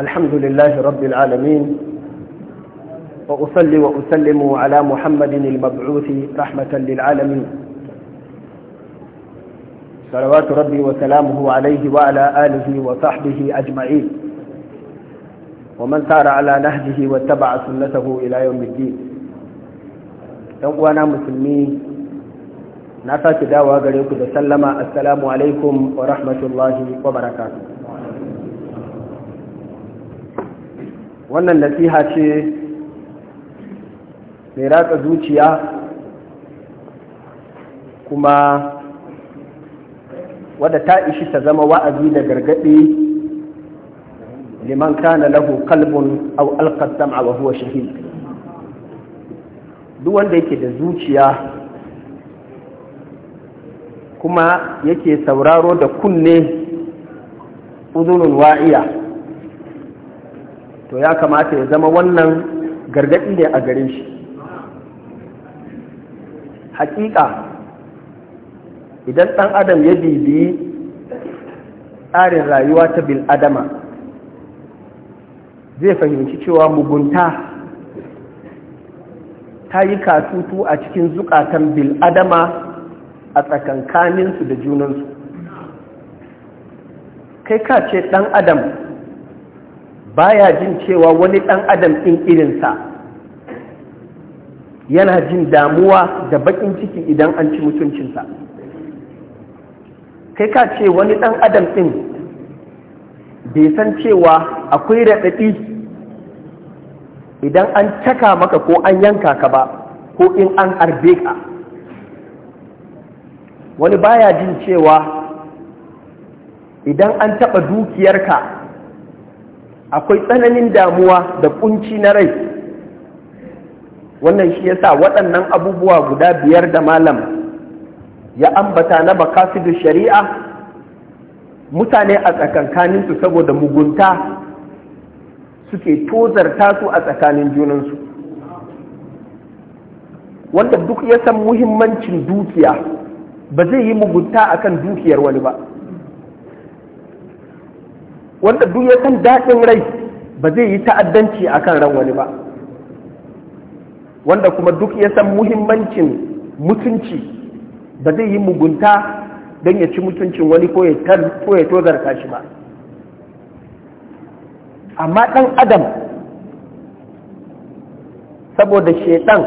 الحمد لله رب العالمين وأصلي وأسلم على محمد المبعوث رحمة للعالمين صلوات ربي وسلامه عليه وعلى آله وصحبه أجمعين ومن سار على نهجه واتبع سنته إلى يوم الدين أنا مسلمين na sake dawa gare ku da sallama assalamu alaikum wa rahmatullahi wa barakatuh wannan nasiha ce mai ratsa zuciya kuma wadda ta ishi ta zama wa'azi da gargaɗi liman kana lahu kalbun au alkasam a wahuwa shahid duk wanda yake da zuciya kuma yake sauraro da kunne uzunun wa'iya to ya kamata ya zama wannan gargaɗi ne a gare shi hakika idan ɗan adam ya bibiyi tsarin rayuwa ta bil adama, zai fahimci cewa mugunta ta yi katutu a cikin zukatan adama a tsakankaninsu da junansu kai ka ce ɗan adam baya jin cewa wani ɗan adam ɗin irinsa yana jin damuwa da baƙin ciki idan an ci mutuncinsa kai ka ce wani ɗan adam ɗin bai san cewa akwai raɗaɗi idan an caka maka ko an yanka ka ba ko in an harbe ka wani baya jin cewa idan an taɓa dukiyarka akwai tsananin damuwa da kunci na rai wannan shi yasa waɗannan abubuwa guda biyar da malam ya ambata na makasidu shari'a mutane a tsakankaninsu saboda mugunta suke tozarta su a tsakanin junansu wanda duk ya san muhimmancin dukiya ba zai yi mugunta akan dukiyar wani ba wanda duk ya san daɗin rai ba zai yi ta'addanci a kan ran wani ba wanda kuma duk ya san muhimmancin mutunci ba zai yi mugunta don ya ci mutuncin wani ko ya tozarta shi ba amma ɗan adam saboda shaiɗan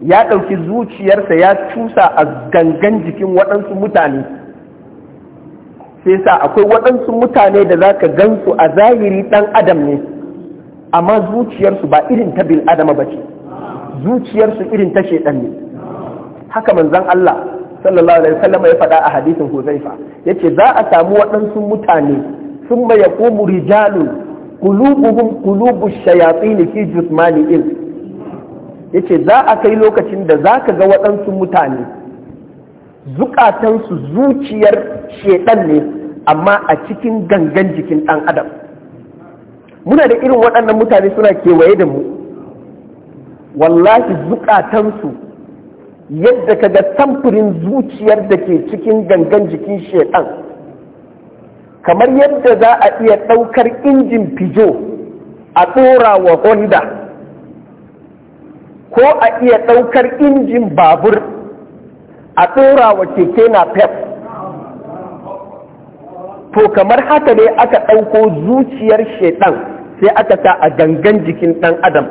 ya ɗauki zuciyarsa ya cusa a gangan jikin waɗansu mutane sai sa akwai waɗansu mutane da za ka gansu a zahiri ɗan adam ne amma zuciyarsu ba irin ta bil adama ba ce zuciyarsu irin ta shaidan ne haka manzon Allah sallallahu alaihi wasallam ya faɗa a hadisin Huzaifa yace za a samu waɗansu mutane sun ya yaqumu rijalun qulubuhum qulubu shayatin fi jismani il yace za a kai lokacin da zaka ga waɗansu mutane zukatansu zuciyar shedan ne amma a cikin gangan jikin ɗan adam muna da irin waɗannan mutane suna kewaye da mu wallahi zukatansu yadda ka ga samfurin zuciyar da ke cikin gangan jikin shedan kamar yadda za a iya ɗaukar injin fijo a ɗora wa honda ko a iya ɗaukar injin babur a tsora wa keke na pep to kamar haka ne aka ɗauko zuciyar shaiɗan sai aka sa a gangan jikin ɗan adam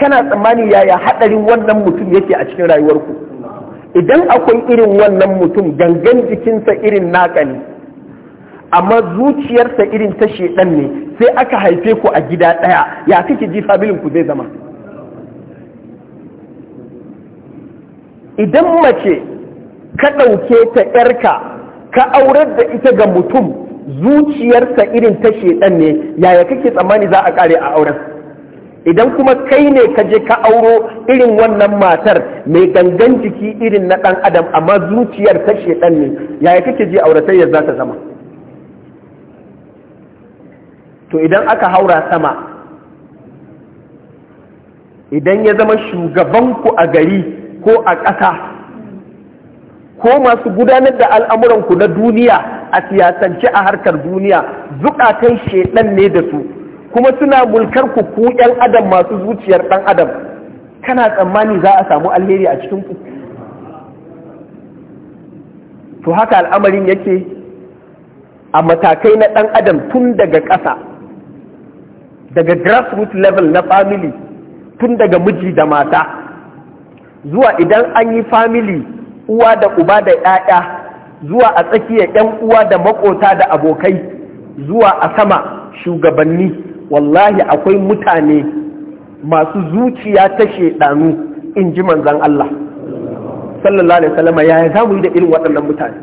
kana tsammani yaya haɗarin wannan mutum yake a cikin rayuwarku idan akwai irin wannan mutum gangan jikinsa irin naka ne amma zuciyarsa irin ta shaiɗan ne sai aka haife ku a gida ɗaya ya kake ji familin ku zai zama idan mace ka ɗauke ta ‘yarka ka aurar da ita ga mutum zuciyarsa irin ta shedan ne yaya kake tsammani za a ƙare a auren idan kuma kai ne ka je ka auro irin wannan matar mai gangan jiki irin na ɗan adam amma zuciyar ta shedan ne yaya kake ji auratayya za ta zama to idan aka haura sama idan ya zama shugabanku a gari ko a ƙasa ko masu gudanar da al'amuranku na duniya a siyasance a harkar duniya zukatan shedan ne da su kuma suna mulkar ku ku yan adam masu zuciyar ɗan adam kana tsammani za a samu alheri a cikin to haka al'amarin yake a matakai na ɗan adam tun daga ƙasa daga grassroots level na family tun daga miji da mata zuwa idan an yi family uwa da uba da ‘ya'ya zuwa a tsakiyar ‘yan uwa da makota da abokai zuwa a sama shugabanni wallahi akwai mutane masu zuciya ta shaɗanu in ji manzan Allah sallallahu alaihi wasallam ya za mu yi da irin waɗannan mutane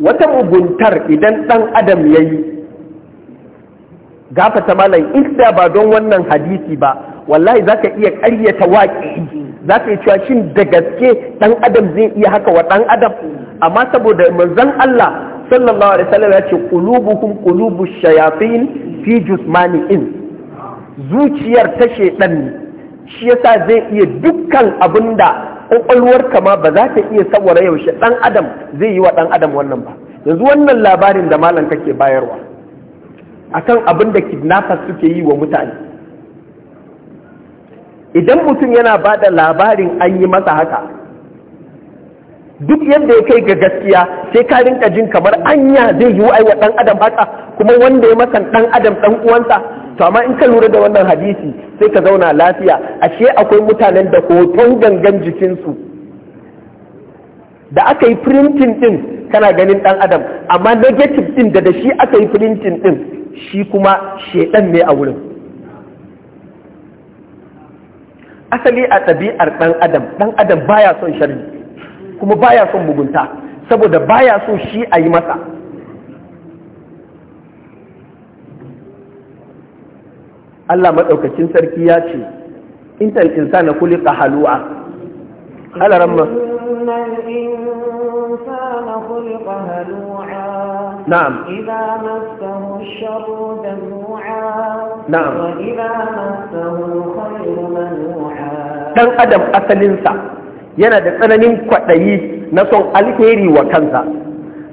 wata muguntar idan ɗan adam ya yi gafata malam inda ba don wannan hadisi ba wallahi za ka iya karyata waƙi za ka yi cewa shin da gaske ɗan adam zai iya haka wa ɗan adam amma saboda manzon Allah sallallahu alaihi wasallam ya ce qulubuhum qulubu shayatin fi jusmani in zuciyar ta shedan shi yasa zai iya dukkan abinda kwakwalwar kama ba za ta iya sawara yaushe ɗan adam zai yi wa ɗan adam wannan ba yanzu wannan labarin da malam kake bayarwa akan abin da kidnappers suke yi wa mutane idan mutum yana ba da labarin an yi masa haka duk yadda ya kai ga gaskiya sai ka rinka jin kamar anya zai yi wa ɗan adam haka kuma wanda ya masan ɗan adam ɗan uwansa to amma in ka lura da wannan hadisi sai ka zauna lafiya ashe akwai mutanen da hoton gangan jikinsu da aka yi firintin ɗin kana ganin ɗan adam amma negative ɗin da da shi aka yi firintin ɗin shi kuma shedan ne a wurin asali a ɗabi'ar ɗan adam ɗan adam baya son shari kuma baya son mugunta saboda baya son shi a yi masa Allah maɗaukacin sarki ya ce intan kuli ka halu'a alaramma نعم إذا مسه الشر جموعا نعم وإذا مسه الخير منوعا ɗan adam asalinsa yana da tsananin kwaɗayi na son alheri wa kansa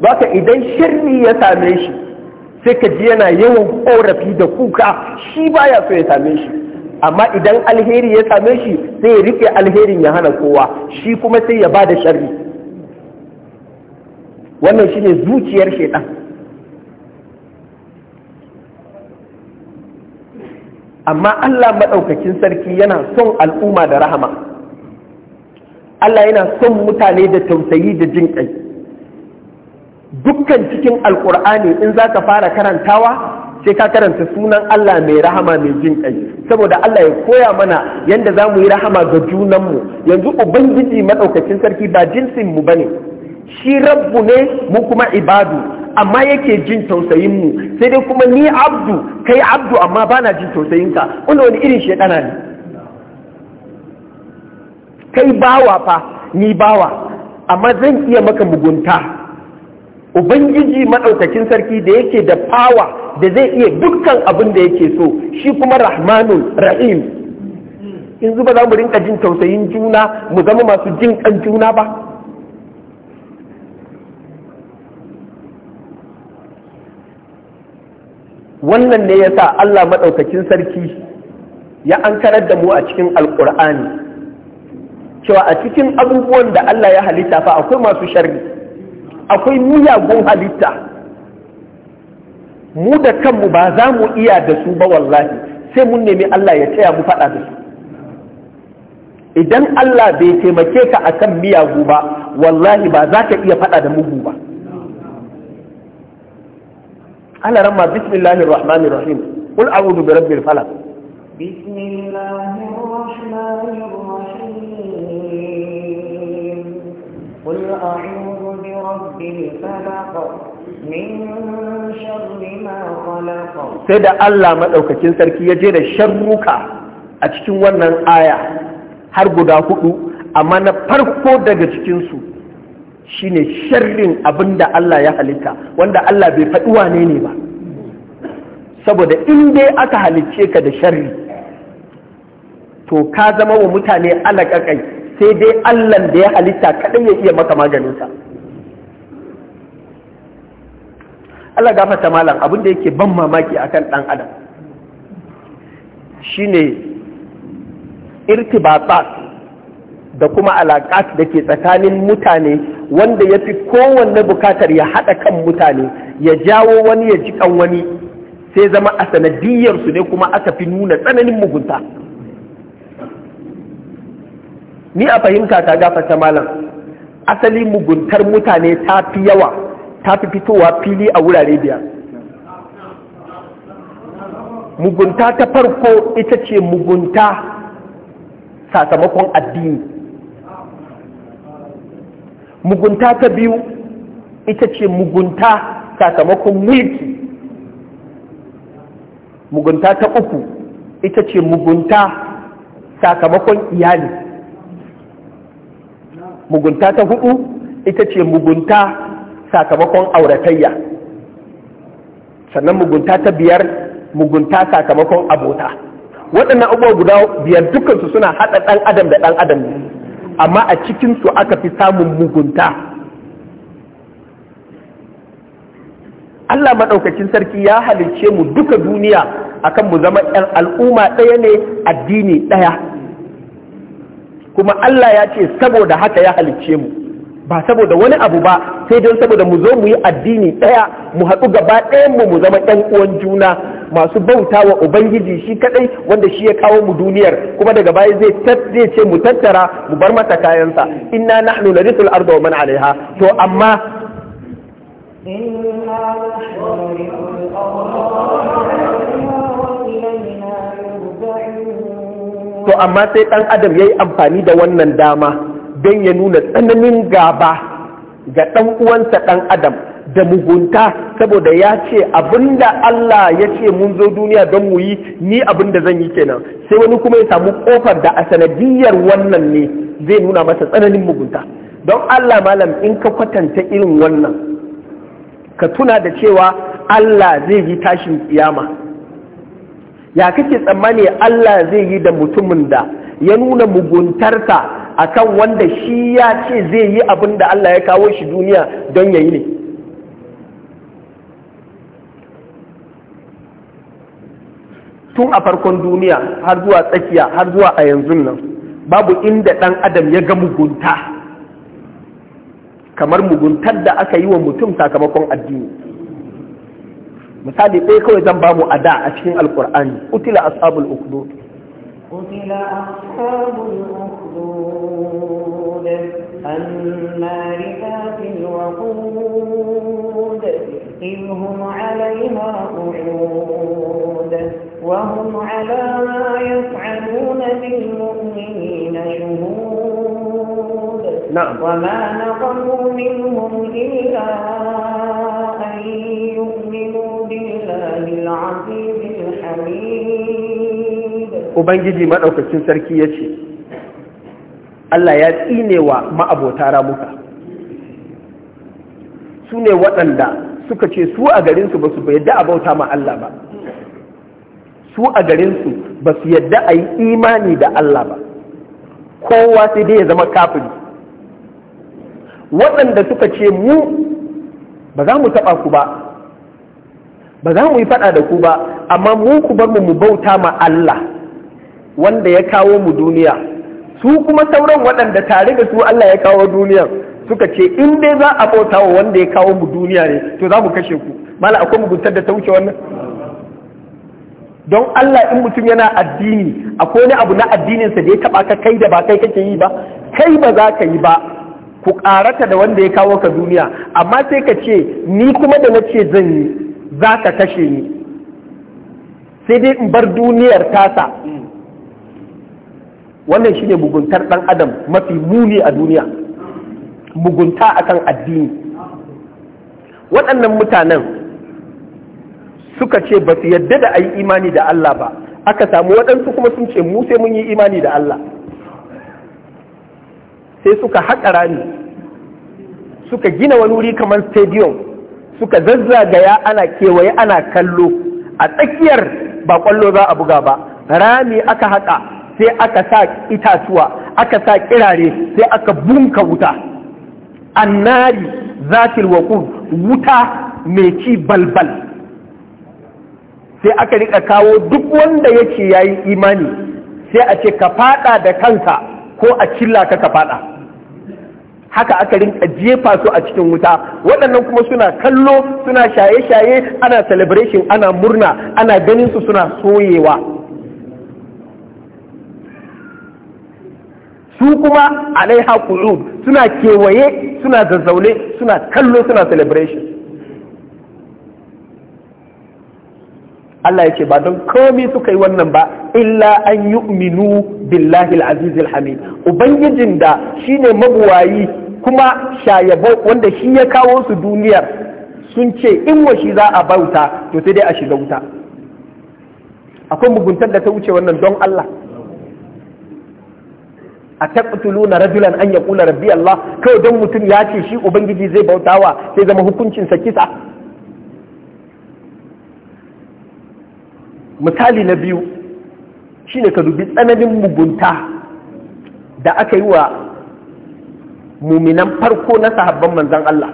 baka idan shirri ya same shi sai ka ji yana yawan ƙorafi da kuka shi baya so ya same shi amma idan alheri ya same shi sai ya rike alherin ya hana kowa shi kuma sai ya ba da sharri wannan shine zuciyar shaiɗan. amma Allah maɗaukakin sarki yana son al'umma da rahama Allah yana son mutane da tausayi da jin ƙai dukkan cikin alƙur'ani in za ka fara karantawa sai ka karanta sunan Allah mai rahama mai jin ƙai saboda Allah ya koya mana yadda za mu yi rahama ga junanmu yanzu ubangiji maɗaukakin sarki ba jinsin mu bane shi rabbu ne mu kuma ibadu amma yake jin tausayin mu sai dai kuma ni abdu kai abdu amma bana jin tausayin ka wannan wani irin shedana ne kai bawa fa ni bawa amma zan iya maka mugunta ubangiji maɗaukakin sarki da yake da fawa da zai iya dukkan abin da yake so shi kuma rahmanun rahim in zuba za mu rinka jin tausayin juna mu zama masu jin kan juna ba wannan ne ya sa Allah maɗaukakin sarki ya ankarar da mu a cikin alƙur'ani cewa a cikin abubuwan da Allah ya halitta fa akwai masu sharri akwai miyagun halitta mu da kanmu ba za mu iya da su ba wallahi sai mun nemi Allah ya taya mu faɗa da su idan Allah bai taimake ka akan miyagu ba wallahi ba za ka iya faɗa da mugu ba ana ramma bismillahir rahmanir rahim qul a'udhu bi rabbil falaq bismillahir rahmanir rahim qul a'udhu bi rabbil falaq min sharri ma khalaq sai da Allah madaukakin sarki ya je da sharruka a cikin wannan aya har guda hudu amma na farko daga cikinsu shine sharrin abin da Allah ya halitta wanda Allah bai faɗi wane ne ba saboda in dai aka halicce ka da sharri to ka zama wa mutane alaƙaƙai sai dai Allahn da ya halitta kaɗan ya iya maka maganinsa Allah ta malam abinda yake ban mamaki akan ɗan adam shine irtibatat da kuma alaƙa da ke tsakanin mutane wanda ya fi kowanne bukatar ya haɗa kan mutane ya jawo wani ya ji kan wani sai zama a sanadiyarsu ne kuma aka fi nuna tsananin mugunta ni a fahimta ta gafata malam asali muguntar mutane ta fi yawa ta fi fitowa fili a wurare biyar mugunta ta farko ita ce mugunta sakamakon addini mugunta ta biyu ita ce mugunta sakamakon mulki mugunta ta uku ita ce mugunta sakamakon iyali mugunta ta hudu ita ce mugunta sakamakon auratayya sannan mugunta ta biyar mugunta sakamakon abota waɗannan abubuwa guda biyar dukansu suna haɗa ɗan adam da ɗan adam ne amma a cikinsu aka fi samun mugunta Allah maɗaukacin sarki ya halicce mu duka duniya akan mu zama ‘yan al'umma ɗaya ne addini ɗaya kuma Allah ya ce saboda haka ya halicce mu ba saboda wani abu ba sai don saboda mu zo mu yi addini ɗaya mu haɗu gaba ɗayanmu mu zama ɗan uwan juna masu bauta wa ubangiji shi kaɗai wanda shi ya kawo mu duniyar kuma daga baya zai zai ce mu tattara mu bar masa kayansa inna nahnu narithul arda wa man alaiha to amma to amma sai ɗan adam yayi amfani da wannan dama don ya nuna tsananin gaba ga ɗan uwansa ɗan adam da mugunta saboda ya ce abinda Allah ya ce mun zo duniya don mu yi ni abinda zan yi kenan sai wani kuma ya samu ƙofar da a sanadiyar wannan ne zai nuna masa tsananin mugunta don Allah malam in ka kwatanta irin wannan ka tuna da cewa Allah zai yi tashin kiyama ya kake tsammani Allah zai yi da mutumin da ya nuna muguntarsa akan wanda shi ya ce zai yi abin da Allah ya kawo shi duniya don ya yi ne tun a farkon duniya har zuwa tsakiya har zuwa a yanzu nan babu inda ɗan adam ya ga mugunta kamar muguntar da aka yi wa mutum sakamakon addini misali ɗaya kawai zan bamu a da a cikin alkur'ani utila ashabul ukhdud قتل أصحاب الأخدود النار ذات الوقود إذ هم عليها قعود وهم على ما يفعلون بالمؤمنين شهود نعم. وما نقموا منهم إلا أن يؤمنوا بالله العزيز الحميد ubangiji maɗaukacin sarki ya ce Allah ya tsine wa ma'abota ramuka su ne waɗanda suka ce su a garinsu ba su yadda a bauta ma Allah ba su a garinsu ba su yadda a yi imani da Allah ba kowa sai dai ya zama kafin waɗanda suka ce mu ba za mu taɓa ku ba ba za mu yi faɗa da ku ba amma mu ku bar mu mu bauta ma Allah wanda ya kawo mu duniya su kuma sauran waɗanda tare da su Allah ya kawo duniyar suka ce in dai za a bauta wa wanda ya kawo mu duniya ne to za mu kashe ku mala akwai muguntar da ta wuce wannan don Allah in mutum yana addini akwai wani abu na addininsa da ya taba ka kai da ba kai kake yi ba kai ba za ka yi ba ku ƙarata da wanda ya kawo ka duniya amma sai ka ce ni kuma da na ce zan yi za ka kashe ni sai dai in bar duniyar tasa wannan shine muguntar ɗan adam mafi muni a duniya mugunta akan addini waɗannan mutanen suka ce ba su yadda da ayi imani da Allah ba aka samu waɗansu kuma sun ce mu sai mun yi imani da Allah sai suka haƙa rami suka gina wani wuri kamar stadium suka zazzagaya ana kewaye ana kallo a tsakiyar ba kwallo za a buga ba rami aka haƙa sai aka sa itatuwa aka sa kirare sai aka bunka wuta annari zatil waqud wuta mai ci balbal sai aka rika kawo duk wanda yake yayi imani sai a ce ka fada da kanka ko a cilla ka ka fada haka aka rinka jefa su a cikin wuta waɗannan kuma suna kallo suna shaye-shaye ana celebration ana murna ana ganin su suna soyewa su kuma alaiha qu'ud suna kewaye suna zazzaune suna kallo suna celebration Allah ya ce ba don komi suka yi wannan ba illa an yu'minu billahi al-azizil hamid ubangijin da shine mabuwayi kuma shayabo wanda shi ya kawo su duniyar sun ce in wa shi za a bauta to sai dai a shiga wuta akwai muguntar da ta wuce wannan don Allah a taqtuluna rajulan an kula rabbi Allah kawai don mutum ya ce shi ubangiji zai bautawa sai zama hukuncin sa kisa misali na biyu shine ka dubi tsananin mugunta da aka yi wa muminan farko na sahabban manzan Allah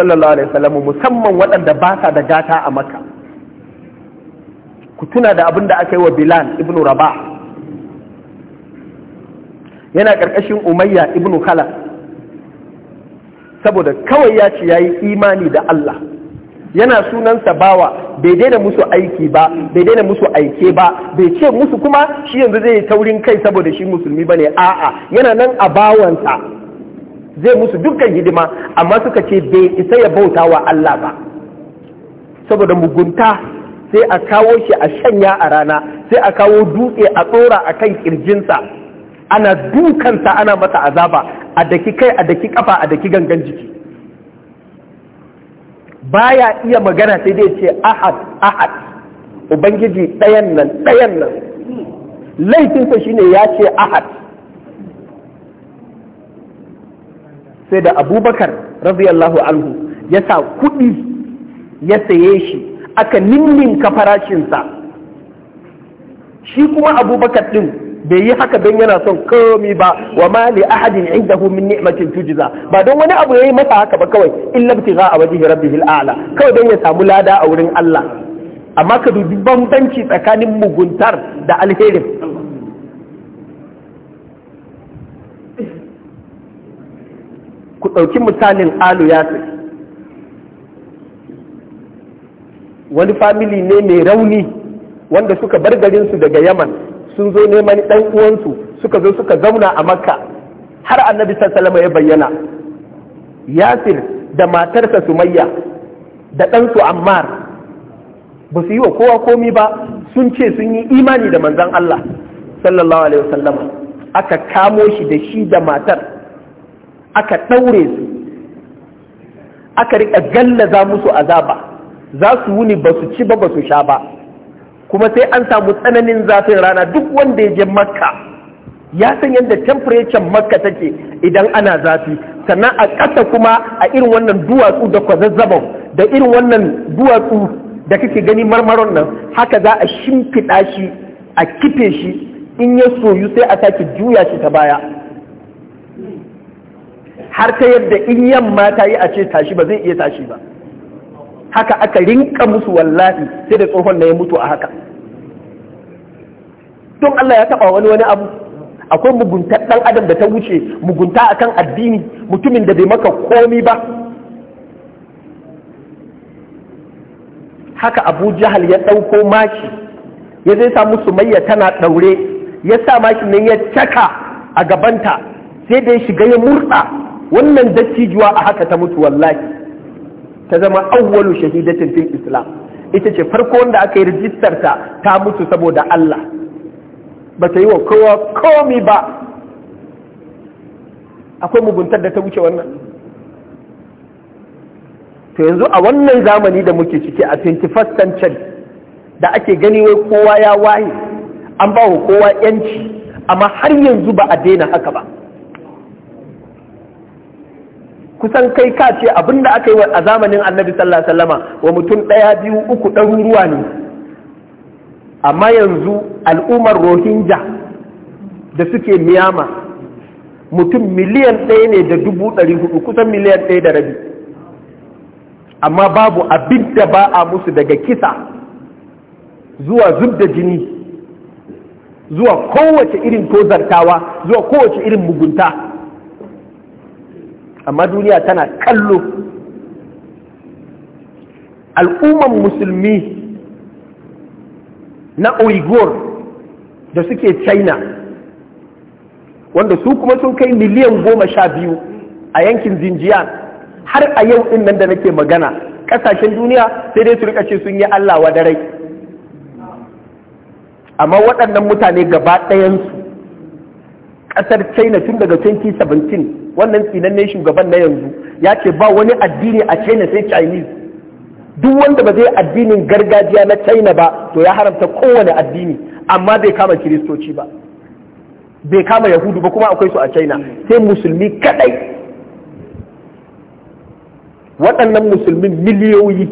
sallallahu alaihi wasallam musamman waɗanda ba sa da gata a maka, ku tuna da abin da aka yi wa Bilal ibn Rabah yana ƙarƙashin umayya ibnu khalaf saboda kawai ya ce ya yi imani da Allah yana sunansa bawa bai daina musu aiki ba bai daina musu aike ba bai ce musu kuma shi yanzu zai yi taurin kai saboda shi musulmi bane a'a yana nan a bawansa zai musu dukkan hidima amma suka ce bai isa ya bauta wa Allah ba saboda mugunta sai a kawo shi a shanya a rana sai a kawo dutse a tsora a kan kirjinsa ana dukansa ana masa azaba a daki kai a daki kafa a daki gangan jiki baya iya magana sai dai ce ahad ahad ubangiji ɗayan nan ɗayan nan laifinsa shine ya ce ahad sai da abubakar radiyallahu anhu ya sa kuɗi ya saye shi aka ninninka farashinsa shi kuma abubakar ɗin bai yi haka don yana son komi ba wa ma li ahadin indahu min ni'matin tujza ba don wani abu ya yi masa haka ba kawai illa za a wajhi rabbihil al'ala kawai don ya samu lada a wurin Allah amma ka dubi bambanci tsakanin muguntar da alherin ku ɗauki misalin alu yasir wani famili ne mai rauni wanda suka bar garinsu daga yaman sun zo neman ɗan uwansu suka zo suka zauna a makka har annabi sallallahu ya bayyana yasir da matarsa sumayya da ɗansu ammar ba su yi wa kowa komi ba sun ce sun yi imani da manzan Allah sallallahu alaihi wasallama aka kamo shi da shi da matar aka ɗaure su aka riƙa gallaza musu azaba za su wuni ba su ci ba ba su sha ba kuma sai an samu tsananin zafin rana duk wanda ya je makka ya san yadda temperature makka take idan ana zafi sannan a ƙasa kuma a irin wannan duwatsu da kwazazzabon da irin wannan duwatsu da kake gani marmaron nan haka za a shimfiɗa shi a kife shi in ya soyu sai a sake juya shi ta baya har ta yadda in yamma ta yi a ce tashi ba zai iya tashi ba haka aka rinka musu wallahi sai da tsohon na ya mutu a haka don Allah ya taba wani wani abu akwai mugunta dan adam da ta wuce mugunta a kan addini mutumin da bai maka komi ba haka Abu Jahal ya dauko maki ya zai samu Sumayya tana daure ya sa maki nan ya caka a gabanta sai da ya shiga ya murda wannan dattijuwa a haka ta mutu wallahi ta zama awwalu shahidatin fil islam ita ce farko wanda aka yi rijistar ta ta mutu saboda Allah ba ta yi wa kowa komi ba akwai muguntar da ta wuce wannan to yanzu a wannan zamani da muke ciki a 21st century da ake gani wai kowa ya waye an ba wa kowa yanci amma har yanzu ba a daina haka ba kusan kai ka ce da aka yi a zamanin annabi sallallahu alaihi wasallama wa mutum ɗaya biyu uku ɗaruruwa ne amma yanzu al'ummar rohingya da suke miyama mutum miliyan ɗaya ne da dubu ɗari hudu kusan miliyan ɗaya da rabi amma babu abin da ba a musu daga kisa zuwa zub da jini zuwa kowace irin tozartawa zuwa kowace irin mugunta amma duniya tana kallo al'umman musulmi na uighur da suke china wanda su kuma sun kai miliyan goma sha biyu a yankin zinjiya har a yau in nan da nake magana kasashen duniya sai dai su rika ce sun yi allah wa dare amma waɗannan mutane gaba ɗayansu ƙasar china tun daga 2017 wannan tsinanne shugaban na yanzu ya ce ba wani addini a china sai chinese duk wanda ba zai addinin gargajiya na china ba to ya haramta kowane addini amma bai kama kiristoci ba bai kama yahudu ba kuma akwai su a china sai musulmi kadai waɗannan musulmin miliyoyi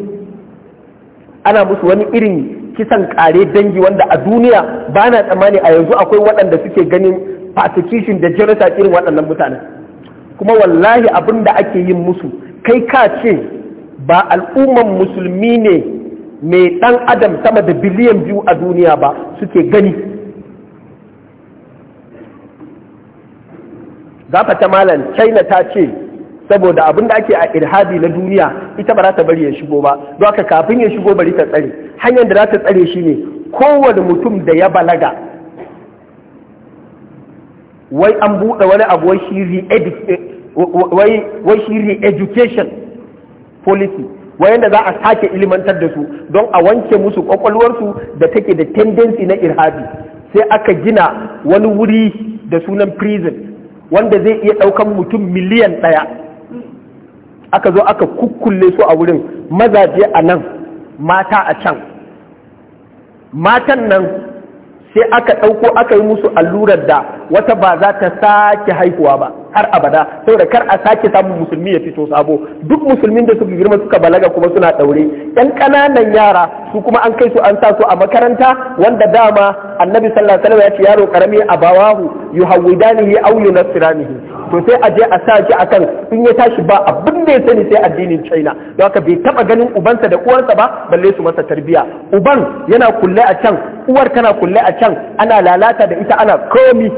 ana musu wani irin kisan kare dangi wanda a duniya ba na tsammani a yanzu akwai waɗanda suke ganin persecution da genocide irin waɗannan mutanen kuma wallahi abin da ake yin musu kai ka ce ba al'umman musulmi ne mai ɗan adam sama da biliyan biyu a duniya ba suke gani gafa ta malam china ta ce saboda abin da ake a irhadi na duniya ita ba za ta bari ya shigo ba don haka kafin ya shigo bari ta tsare hanyar da za ta tsare shi ne kowane mutum da ya balaga wai an buɗe wani abu wai shi re-education eh, policy wai yadda za a sake ilimantar da su don a wanke musu kwakwalwarsu da take da tendency na irhabi sai aka gina wani wuri da sunan prison wanda zai iya ɗaukan mutum miliyan ɗaya aka zo aka kukkulle su a wurin mazaje a nan mata a can matan nan sai aka ɗauko aka yi musu allurar da wata ba za ta sake haihuwa ba har abada saboda kar a sake samun musulmi ya fito sabo duk musulmin da suka girma suka balaga kuma suna daure yan kananan yara su kuma an kai su an sa su a makaranta wanda dama annabi sallallahu alaihi wasallam ya ce yaro karami abawahu yuhawidanihi aw yunassiranihi to sai a je a sa shi akan in ya tashi ba abin da ya sani sai addinin China don haka bai taba ganin ubansa da uwarsa ba balle su masa tarbiya uban yana kulle a can uwar tana kulle a can ana lalata da ita ana komi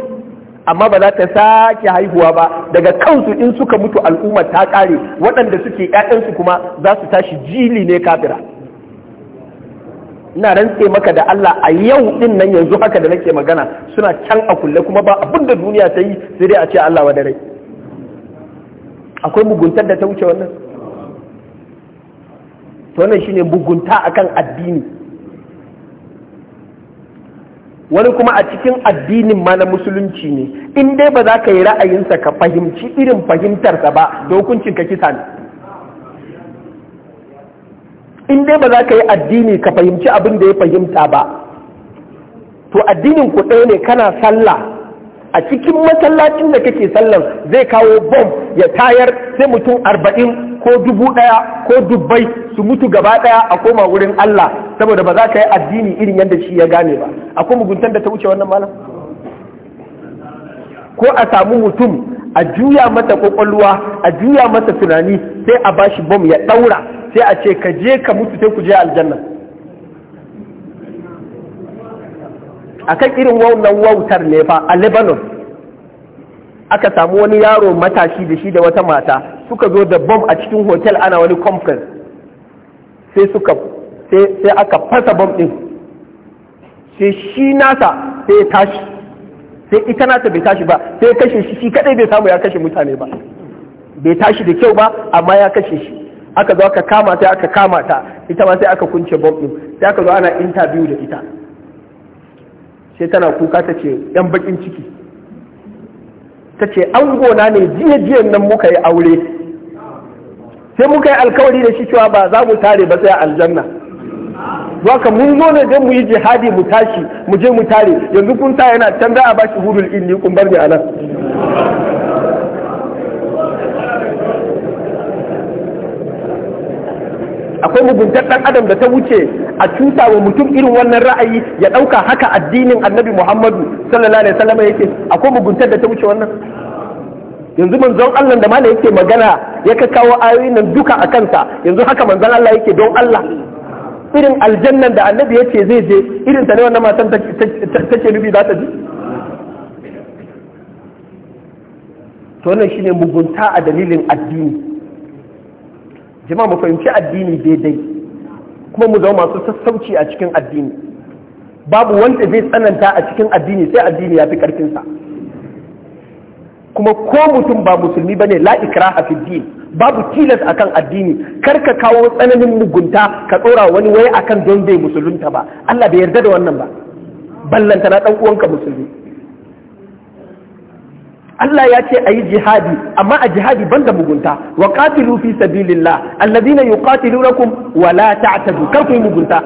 amma ba za ta sake haihuwa ba daga kansu in suka mutu al'umma ta kare waɗanda suke ƴaƴansu kuma za su tashi jili ne kafira ina rantse maka da Allah a yau din nan yanzu haka da nake magana suna can a kulle kuma ba abin da duniya ta yi sai dai a ce Allah wa rai akwai muguntar da ta wuce wannan to wannan shine mugunta akan addini wani kuma a cikin addinin ma na musulunci ne in dai ba za ka yi ra'ayinsa ka fahimci irin fahimtarsa ba da hukuncin ka kisa ne in dai ba za ka yi addini ka fahimci abin da ya fahimta ba to addinin ku ɗaya ne kana sallah a cikin masallacin da kake sallan zai kawo bom ya tayar sai mutum arba'in ko dubu ɗaya ko dubbai su mutu gaba ɗaya a koma wurin Allah saboda ba za ka yi addini irin yadda shi ya gane ba akwai muguntar da ta wuce wannan malam ko a samu mutum a juya mata kwakwalwa a juya mata tunani sai a bashi bom ya ɗaura sai a ce ka je ka mutu sai ku je aljanna akan irin wannan wautar ne fa a Lebanon aka samu wani yaro matashi da shi da wata mata suka zo da bom a cikin hotel ana wani conference sai suka sai aka fasa bom din sai shi nasa sai ya tashi sai ita nasa bai tashi ba sai ya kashe shi shi kadai bai samu ya kashe mutane ba bai tashi da kyau ba amma ya kashe shi aka zo aka kama ta aka kama ta ita ma sai aka kunce bom din sai aka zo ana interview da ita sai tana kuka ta ce yan bakin ciki ta ce an gona ne jiya jiyan nan muka yi aure sai muka yi alkawari da shi cewa ba za mu tare ba sai a aljanna haka mun zo ne don mu yi jihadi mu tashi mu je mu tare yanzu kun sa yana can za a ba shi hudul inni kun bar ni a nan akwai muguntar dan adam da ta wuce a cuta wa mutum irin wannan ra'ayi ya ɗauka haka addinin annabi muhammadu sallallahu alaihi wasallam yake akwai muguntar da ta wuce wannan yanzu manzon allah da mala yake magana ya ka kawo ayoyin nan duka a kansa yanzu haka manzon Allah yake don Allah irin aljannan da annabi ya ce zai je irin ta ne wannan matan take nufi za ta ji to wannan shine mugunta a dalilin addini jama'a mu fahimci addini daidai kuma mu zama masu sassauci a cikin addini babu wanda zai tsananta a cikin addini sai addini ya fi karfinsa kuma ko mutum ba musulmi bane la ikraha fi din babu tilas akan addini kar ka kawo tsananin mugunta ka tsora wani wai akan don bai musulunta ba Allah bai yarda da wannan ba ballanta na dan uwanka musulmi Allah ya ce ayi jihadi amma a jihadi banda mugunta wa qatilu fi sabilillah alladhina yuqatilunakum wa la ta'tadu kar ku mugunta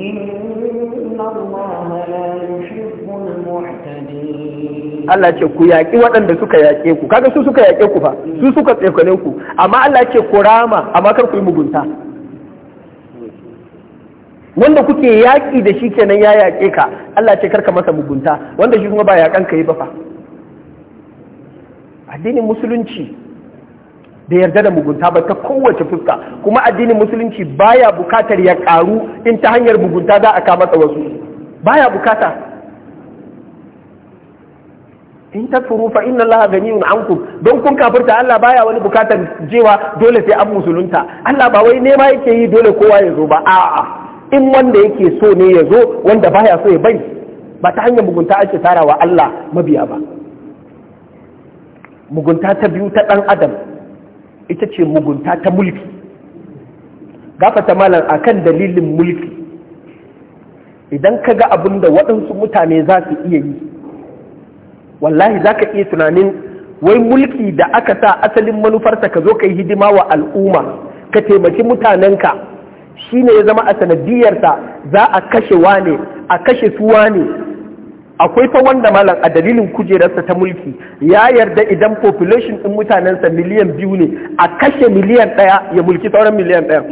إن Allah ce ku yaƙi waɗanda suka yaƙe ku kaga su suka yaƙe ku fa su suka tsekwane ku amma Allah ce ku rama amma kar ku yi mugunta wanda kuke yaƙi da shi kenan ya yaƙe ka Allah ce kar ka masa mugunta wanda shi kuma ba yaƙan ka yi ba fa addinin musulunci da yarda da mugunta ba ta kowace fuska kuma addinin musulunci baya bukatar ya ƙaru in ta hanyar mugunta za a kama wasu baya bukata in takfuru fa inna allaha ghaniyun ankum don kun kafirta Allah baya wani bukatar jewa dole sai an musulunta Allah ba wai nema yake yi dole kowa ya zo ba a'a in wanda yake so ne ya zo wanda baya so ya bari ba ta hanyar mugunta ake tarawa Allah mabiya ba mugunta ta biyu ta dan adam ita ce mugunta ta mulki gafata malam kan dalilin mulki idan ka ga abin da waɗansu mutane za su iya yi wallahi za ka iya tunanin wai mulki da aka sa asalin manufarsa ka zo ka yi hidima wa al'umma ka taimaki mutanenka shi ne ya zama a sanadiyarsa za a kashe wane a kashe suwa ne akwai fa wanda malam a dalilin kujerarsa ta mulki ya yarda idan population ɗin mutanensa miliyan biyu ne a kashe miliyan ɗaya ya mulki sauran miliyan ɗaya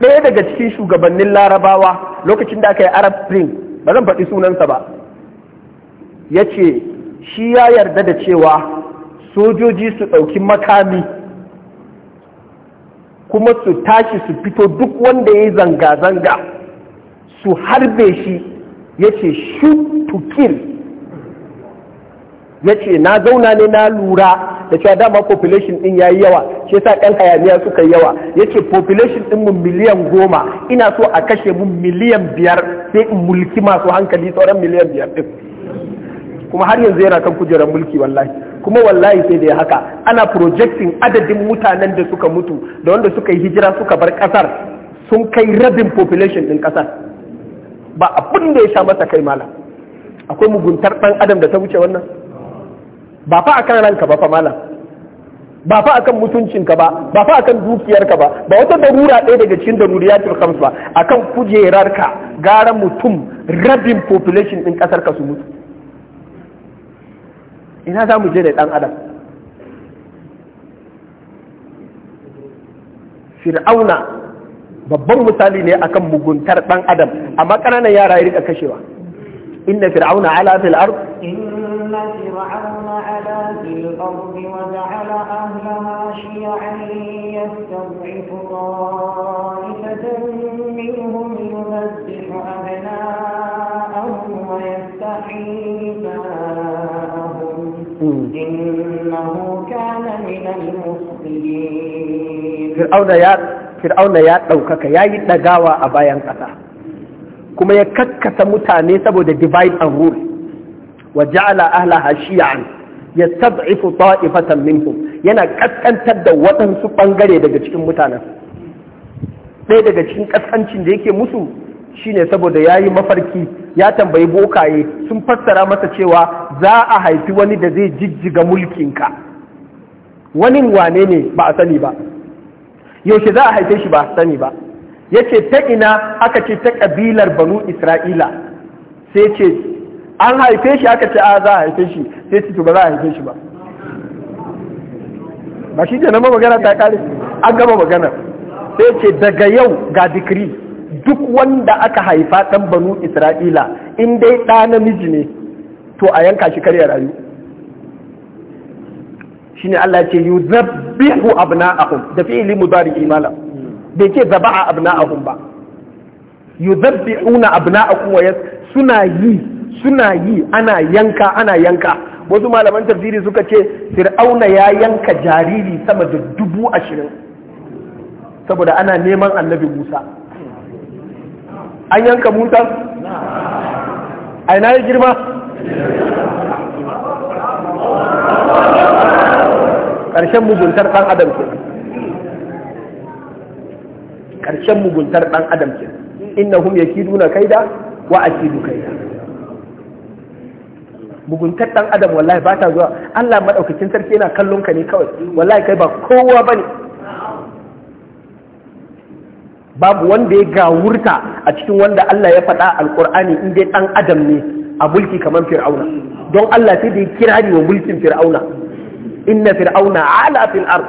ɗaya daga cikin shugabannin larabawa lokacin da aka yi arab spring ba zan faɗi sunansa ba ya ce shi ya yarda da cewa sojoji su ɗauki makami kuma su tashi su fito duk wanda ya yi zanga-zanga su harbe shi ya ce shoot to ya ce na zauna ne na lura da cewa dama population din yayi yawa shi yasa ɗan hayaniya suka yi yawa ya ce population din mu miliyan goma ina so a kashe mu miliyan biyar sai in mulki masu hankali sauran miliyan biyar din kuma har yanzu yana kan kujerar mulki wallahi kuma wallahi sai da haka ana projecting adadin mutanen da suka mutu da wanda suka yi hijira suka bar kasar sun kai rabin population din kasar ba abin da ya sha masa kai malam akwai muguntar dan adam da ta wuce wannan ba fa akan ranka ba fa malam ba fa akan mutuncinka ba ba fa akan dukiyarka ba ba wata darura ɗaya daga cikin daruriyatul khams ba akan kujerarka gara mutum rabin population ɗin ƙasar ka su mutu ina za mu je da ɗan adam fir'auna babban misali ne akan muguntar ɗan adam amma ƙananan yara ya rika kashewa إن فرعون علا في الأرض إن فرعون علا في الأرض وجعل أهلها شيعا يستضعف طائفة منهم يذبح أبناءهم ويستحيي نساءهم إنه كان من المفسدين فرعون يا فرعون يا ɗaukaka ya yi ɗagawa a bayan ƙasa kuma ya kakkasa mutane saboda divide and rule wa ja'ala ahlaha shi'an ta'ifatan minhum yana kaskantar da waɗansu ɓangare daga cikin mutanen ɗaya daga cikin kaskancin da yake musu shine saboda ya yi mafarki ya tambayi bokaye sun fassara masa cewa za a haifi wani da zai jijjiga mulkinka wani wane ne ba a sani ba yaushe za a haife shi ba a sani ba yace ta ina aka ce ta kabilar banu isra'ila sai ce an haife shi aka ce a za a haife shi sai ce ba za a haife shi ba ba shi ke nama magana ta kare an gama magana sai ce daga yau ga dikiri duk wanda aka haifa ɗan banu isra'ila in dai ɗa namiji ne to a yanka shi karya rayu shine Allah ce yuzabbihu abna'ahum da fi'li mudari imala bai ce zaba'a abna'ahum ba yuzabbi'una abna'akum wa yas suna yi suna yi ana yanka ana yanka wasu malaman tafsiri suka ce fir'auna ya yanka jariri sama da dubu ashirin saboda ana neman annabi musa an yanka musa a ina yi girma ƙarshen muguntar ɗan adam kenan karshen muguntar ɗan adam ce, ke innahum yakiduna kaida wa akidu kaida muguntar ɗan adam wallahi ba ta zuwa Allah maɗaukacin sarki yana kallon ka ne kawai wallahi kai ba kowa bane babu wanda ya gawurta a cikin wanda Allah ya faɗa alƙur'ani in dai ɗan adam ne a mulki kamar fir'auna don Allah sai da ya kira ne wa mulkin fir'auna inna fir'auna ala fil ard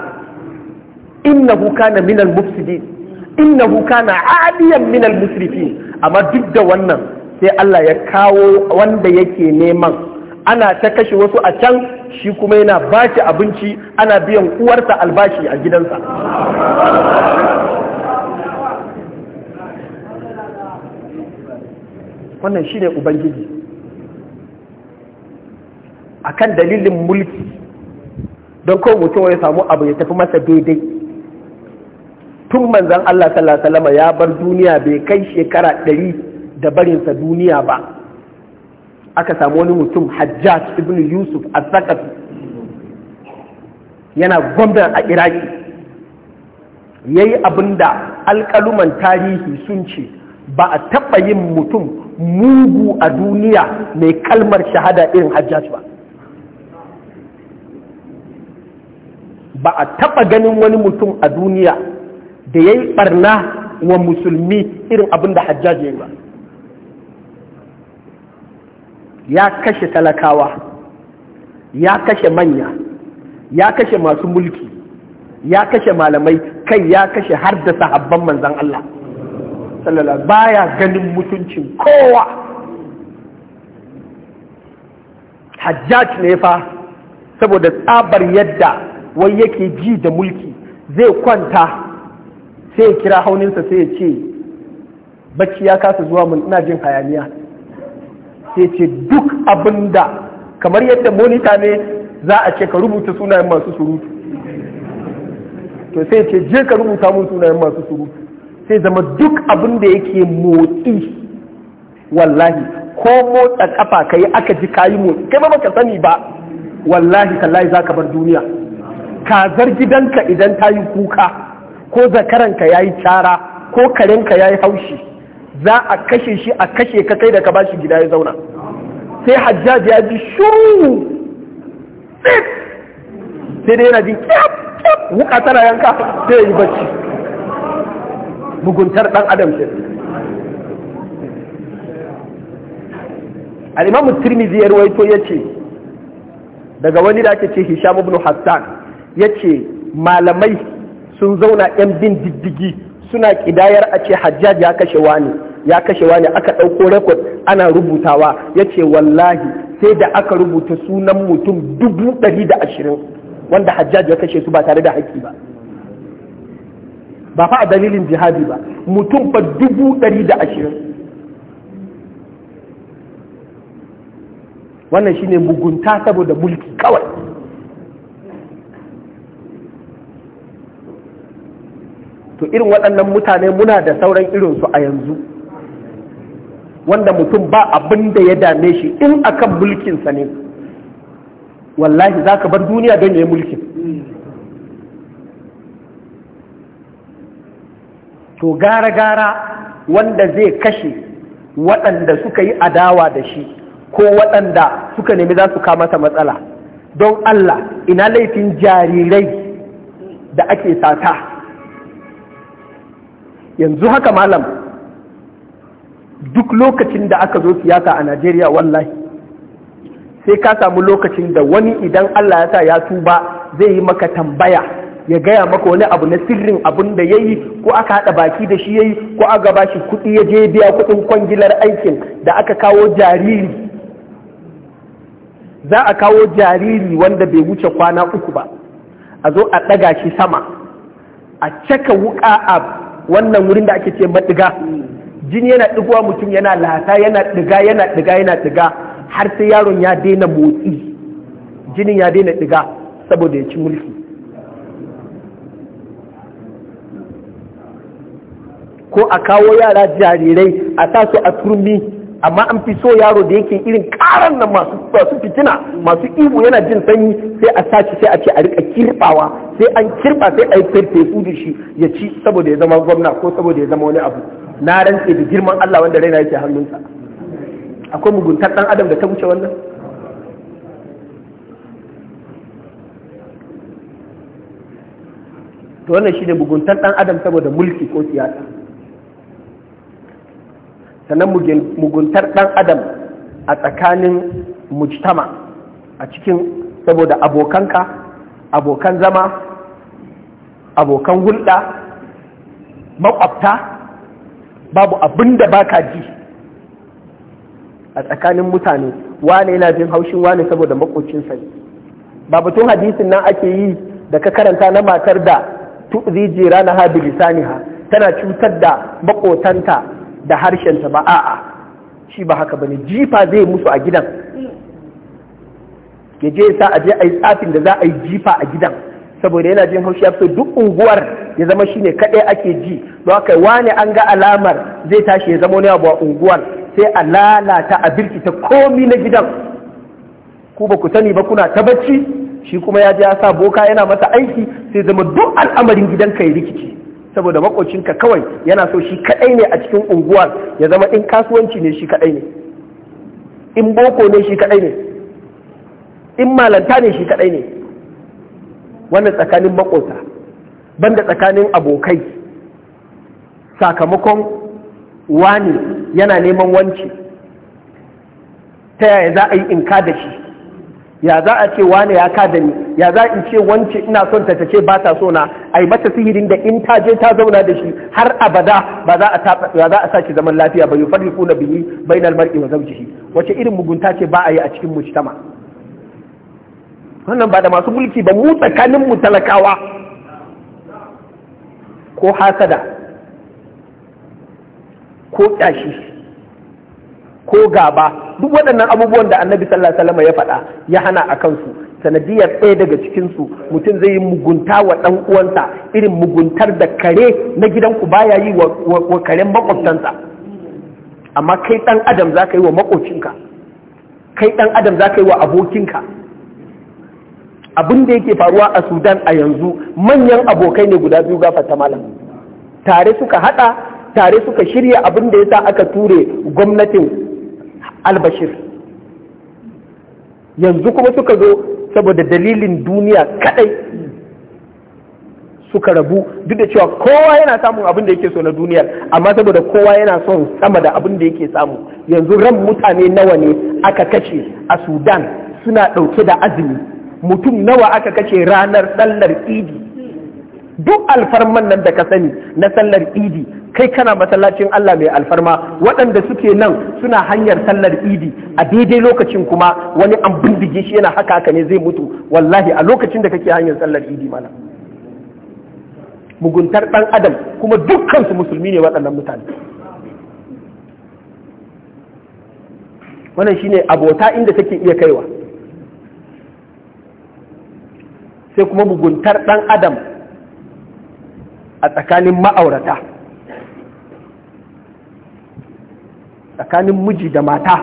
innahu kana minal mufsidin inna kana aliyan min al-musrifin amma duk da wannan sai Allah ya kawo wanda yake neman ana ta kashe wasu a can shi kuma yana ba shi abinci ana biyan uwarsa albashi a gidansa wannan shi ne ubangiji akan dalilin mulki don kawai mutum ya samu abu ya tafi masa daidai tun manzan Allah sallallahu alaihi wasallam ya bar duniya bai kai shekara ɗari da barinsa duniya ba aka samu wani mutum hajjaj ibn yusuf al zakafi yana gwamna a iraki yayi abun da alkaluman tarihi sun ce ba a taɓa yin mutum mugu a duniya mai kalmar shahada irin hajjaj ba ba a taɓa ganin wani mutum a duniya da ya yi barna wa musulmi irin abin da hajjaji ya yi ba ya kashe talakawa ya kashe manya ya kashe masu mulki ya kashe malamai kai ya kashe har da sahabban manzan Allah baya ganin mutuncin kowa hajjaj ne fa saboda tsabar yadda wai yake ji da mulki zai kwanta sai ya kira hauninsa sai ya ce bacci ya kasa zuwa mun ina jin hayaniya sai ce duk abin da kamar yadda monita ne za a ce ka rubuta sunayen masu surutu to sai ce je ka rubuta mun sunayen masu surutu sai zama duk abin da yake motsi wallahi ko motsa kafa ka yi aka ji kayi motsi kai ba baka sani ba wallahi tallahi za ka bar duniya kazar gidanka idan ta yi kuka ko zakaranka ya yi cara ko karenka ya yi haushi za a kashe shi a kashe ka kai da ka ba shi gida ya zauna sai hajjaj ya ji shuru sai dai yana ji kyap kyap wuka tana yanka sai ya yi bacci muguntar ɗan adam ce al'imamu tirmidhi ya ruwaito yace daga wani da ake ce hisham ibn hassan ya ce malamai sun zauna yan bin diddigi suna kidayar a ce hajjaj ya kashe wani ya kashe wani aka ɗauko rekod ana rubutawa ya ce wallahi sai da aka rubuta sunan mutum dubu ɗari da ashirin wanda hajjaj ya kashe su ba tare da haƙƙi ba ba fa a dalilin jihadi ba mutum ba dubu ɗari da ashirin wannan shine mugunta saboda mulki kawai to irin waɗannan mutane muna da sauran irinsu a yanzu wanda mutum ba abin da ya dame shi in akan mulkinsa ne wallahi za ka bar duniya don ya yi mulkin to gara-gara wanda zai kashe waɗanda suka yi adawa da shi ko waɗanda suka nemi za su kamata matsala don Allah ina laifin jarirai da ake sata yanzu haka malam duk lokacin da aka zo siyasa a najeriya wallahi sai ka samu lokacin da wani idan allah ya sa ya tuba zai yi maka tambaya ya gaya maka wani abu na sirrin abun da ya yi ko aka haɗa baki da shi ya yi ko aka ba shi kuɗi ya je biya kuɗin kwangilar aikin da aka kawo jariri za a kawo jariri wanda bai wuce kwana uku ba a zo a ɗaga shi sama a caka wuƙa a wannan wurin da ake ce madiga jini yana ɗigowa mutum yana lata yana ɗiga yana ɗiga yana ɗiga har sai yaron ya daina motsi jinin ya daina ɗiga saboda ya ci mulki ko a kawo yara jarirai a sa su a turmi amma an fi so yaro da yake irin karan nan masu fitina masu ihu yana jin sanyi sai a sace sai a ce a rika kirbawa sai an kirba sai a yi farfesu da shi ya ci saboda ya zama gwamna ko saboda ya zama wani abu na rantse da girman Allah wanda raina yake hannunsa akwai muguntar dan adam da ta wuce wannan to wannan shine muguntar dan adam saboda mulki ko siyasa sannan muguntar ɗan adam a tsakanin mujtama a cikin saboda abokanka abokan zama abokan hulɗa maƙwabta babu abin da baka ji a tsakanin mutane wane yana jin haushin wane saboda maƙocinsa ne ba batun hadisin nan ake yi da ka karanta na matar da tu'zi jiranaha bilisaniha tana cutar da maƙotanta da harshen ta ba a'a shi ba haka bane jifa zai musu a gidan ya je sa a je a yi tsafin da za a yi jifa a gidan saboda yana jin haushi ya fito duk unguwar ya zama shine kaɗai ake ji don haka wani an ga alamar zai tashi ya zama wani ba unguwar sai a lalata a birki ta komi na gidan ku ba ku sani ba kuna ta bacci shi kuma ya je ya sa boka yana masa aiki sai zama duk al'amarin gidan ka ya rikici saboda makocinka kawai yana so shi kadai ne a cikin unguwar ya zama in kasuwanci ne shi kadai ne in boko ne shi kadai ne in malanta ne shi kadai ne wannan tsakanin makota banda tsakanin abokai sakamakon wani yana neman wanci ta yaya za a yi in ka da shi ya za a ce wane ya ka da ni ya za in ce wance ina son ta tace ba ta so na ai mata sihirin da in ta je ta zauna da shi har abada ba za a ya za a saki zaman lafiya ba yufarriquna bihi bainal mar'i wa zawjihi wace irin mugunta ce ba a yi a cikin mujtama wannan ba da masu mulki ba mu tsakanin mu talakawa ko hasada ko tashi ko gaba duk waɗannan abubuwan da annabi sallallahu alaihi ya faɗa ya hana a kansu sanadiyar ɗaya daga cikinsu mutum zai yi mugunta wa ɗan uwansa irin muguntar da kare na gidanku baya yi wa karen makwabtansa amma kai ɗan adam za ka yi wa makocinka kai ɗan adam za ka yi wa abokinka abin da yake faruwa a sudan a yanzu manyan abokai ne guda biyu ga ta malam tare suka haɗa tare suka shirya abin da ya sa aka ture gwamnatin albashir yanzu kuma suka zo saboda dalilin duniya kadai suka rabu duk da cewa kowa yana samun abin da yake so na duniyar, amma saboda kowa yana son sama da abin da yake samu yanzu ran mutane nawa ne aka kashe a sudan suna ɗauke da azumi mutum nawa aka kashe ranar tsallar idi duk alfarman nan da ka sani na sallar idi kai kana masallacin Allah mai alfarma waɗanda suke nan suna hanyar sallar idi a daidai lokacin kuma wani an bindige shi yana haka haka ne zai mutu wallahi a lokacin da kake hanyar sallar idi mana muguntar ɗan adam kuma su musulmi ne waɗannan mutane wannan shine abota inda take iya kaiwa sai kuma muguntar ɗan adam a tsakanin ma'aurata tsakanin miji da mata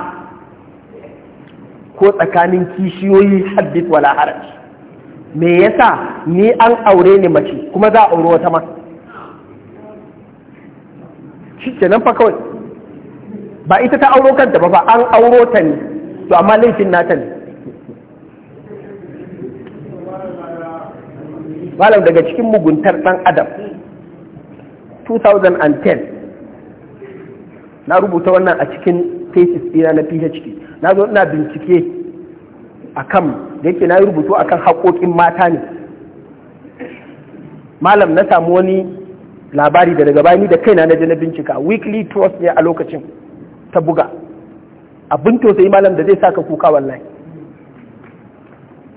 ko tsakanin kishiyoyi haddith wala haraj me yasa ni an aure ni mace kuma za a aure wata ma shi nan fa kawai ba ita ta auro kanta ba ba an auro ta ne to amma laifin nata ne malam daga cikin muguntar dan adam 2010 na rubuta wannan a cikin thesis ɗina na phd na zo ina bincike a kan da yake na yi rubutu a kan haƙoƙin mata ne malam na samu wani labari da daga bayani da kaina na je na bincika weekly trust ne a lokacin ta buga abin tosai malam da zai saka kuka wallahi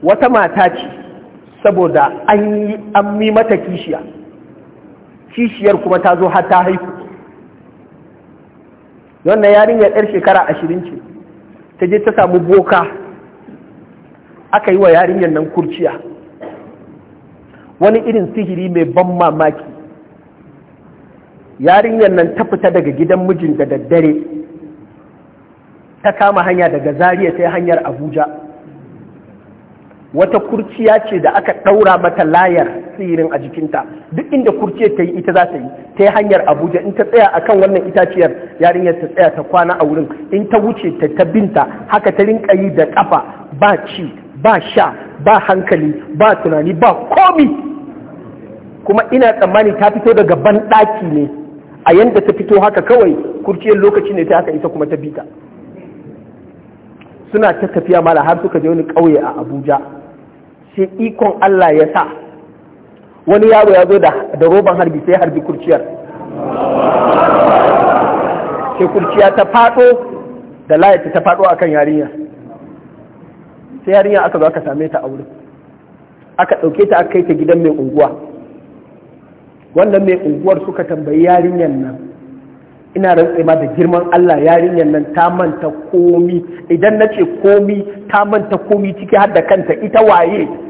wata mata ce saboda an yi mata kishiya kishiyar kuma ta zo har ta haihu wannan yarinyar yar shekara ashirin ce ta je ta samu boka aka yi wa yarinyar nan kurciya wani irin sihiri mai ban mamaki yarinyar nan ta fita daga gidan mijin da daddare ta kama hanya daga zariya ta hanyar abuja wata kurciya ce da aka ɗaura mata layar tsirin a jikinta duk inda kurciyar ta yi ita za ta yi ta yi hanyar abuja in ta tsaya akan wannan itaciyar yarinyar ta tsaya ta kwana a wurin in ta wuce ta ta binta haka ta rinka yi da ƙafa ba ci ba sha ba hankali ba tunani ba komi kuma ina tsammani ta fito daga ban ɗaki ne a yanda ta fito haka kawai kurciyar lokaci ne ta haka ita kuma ta bita suna ta tafiya mala har suka je wani ƙauye a abuja sai ikon Allah ya sa wani yaro ya zo da roban harbi sai harbi kurciyar sai kurciya ta fado da layata ta fado akan yarinya sai yarinya aka zo aka same ta a wurin aka ɗauke ta aka kai ta gidan mai unguwa wannan mai unguwar suka tambayi yarinyar nan ina rantse ma da girman Allah yarinyar nan ta manta komi idan na ce komi ta manta komi ciki har da kanta ita waye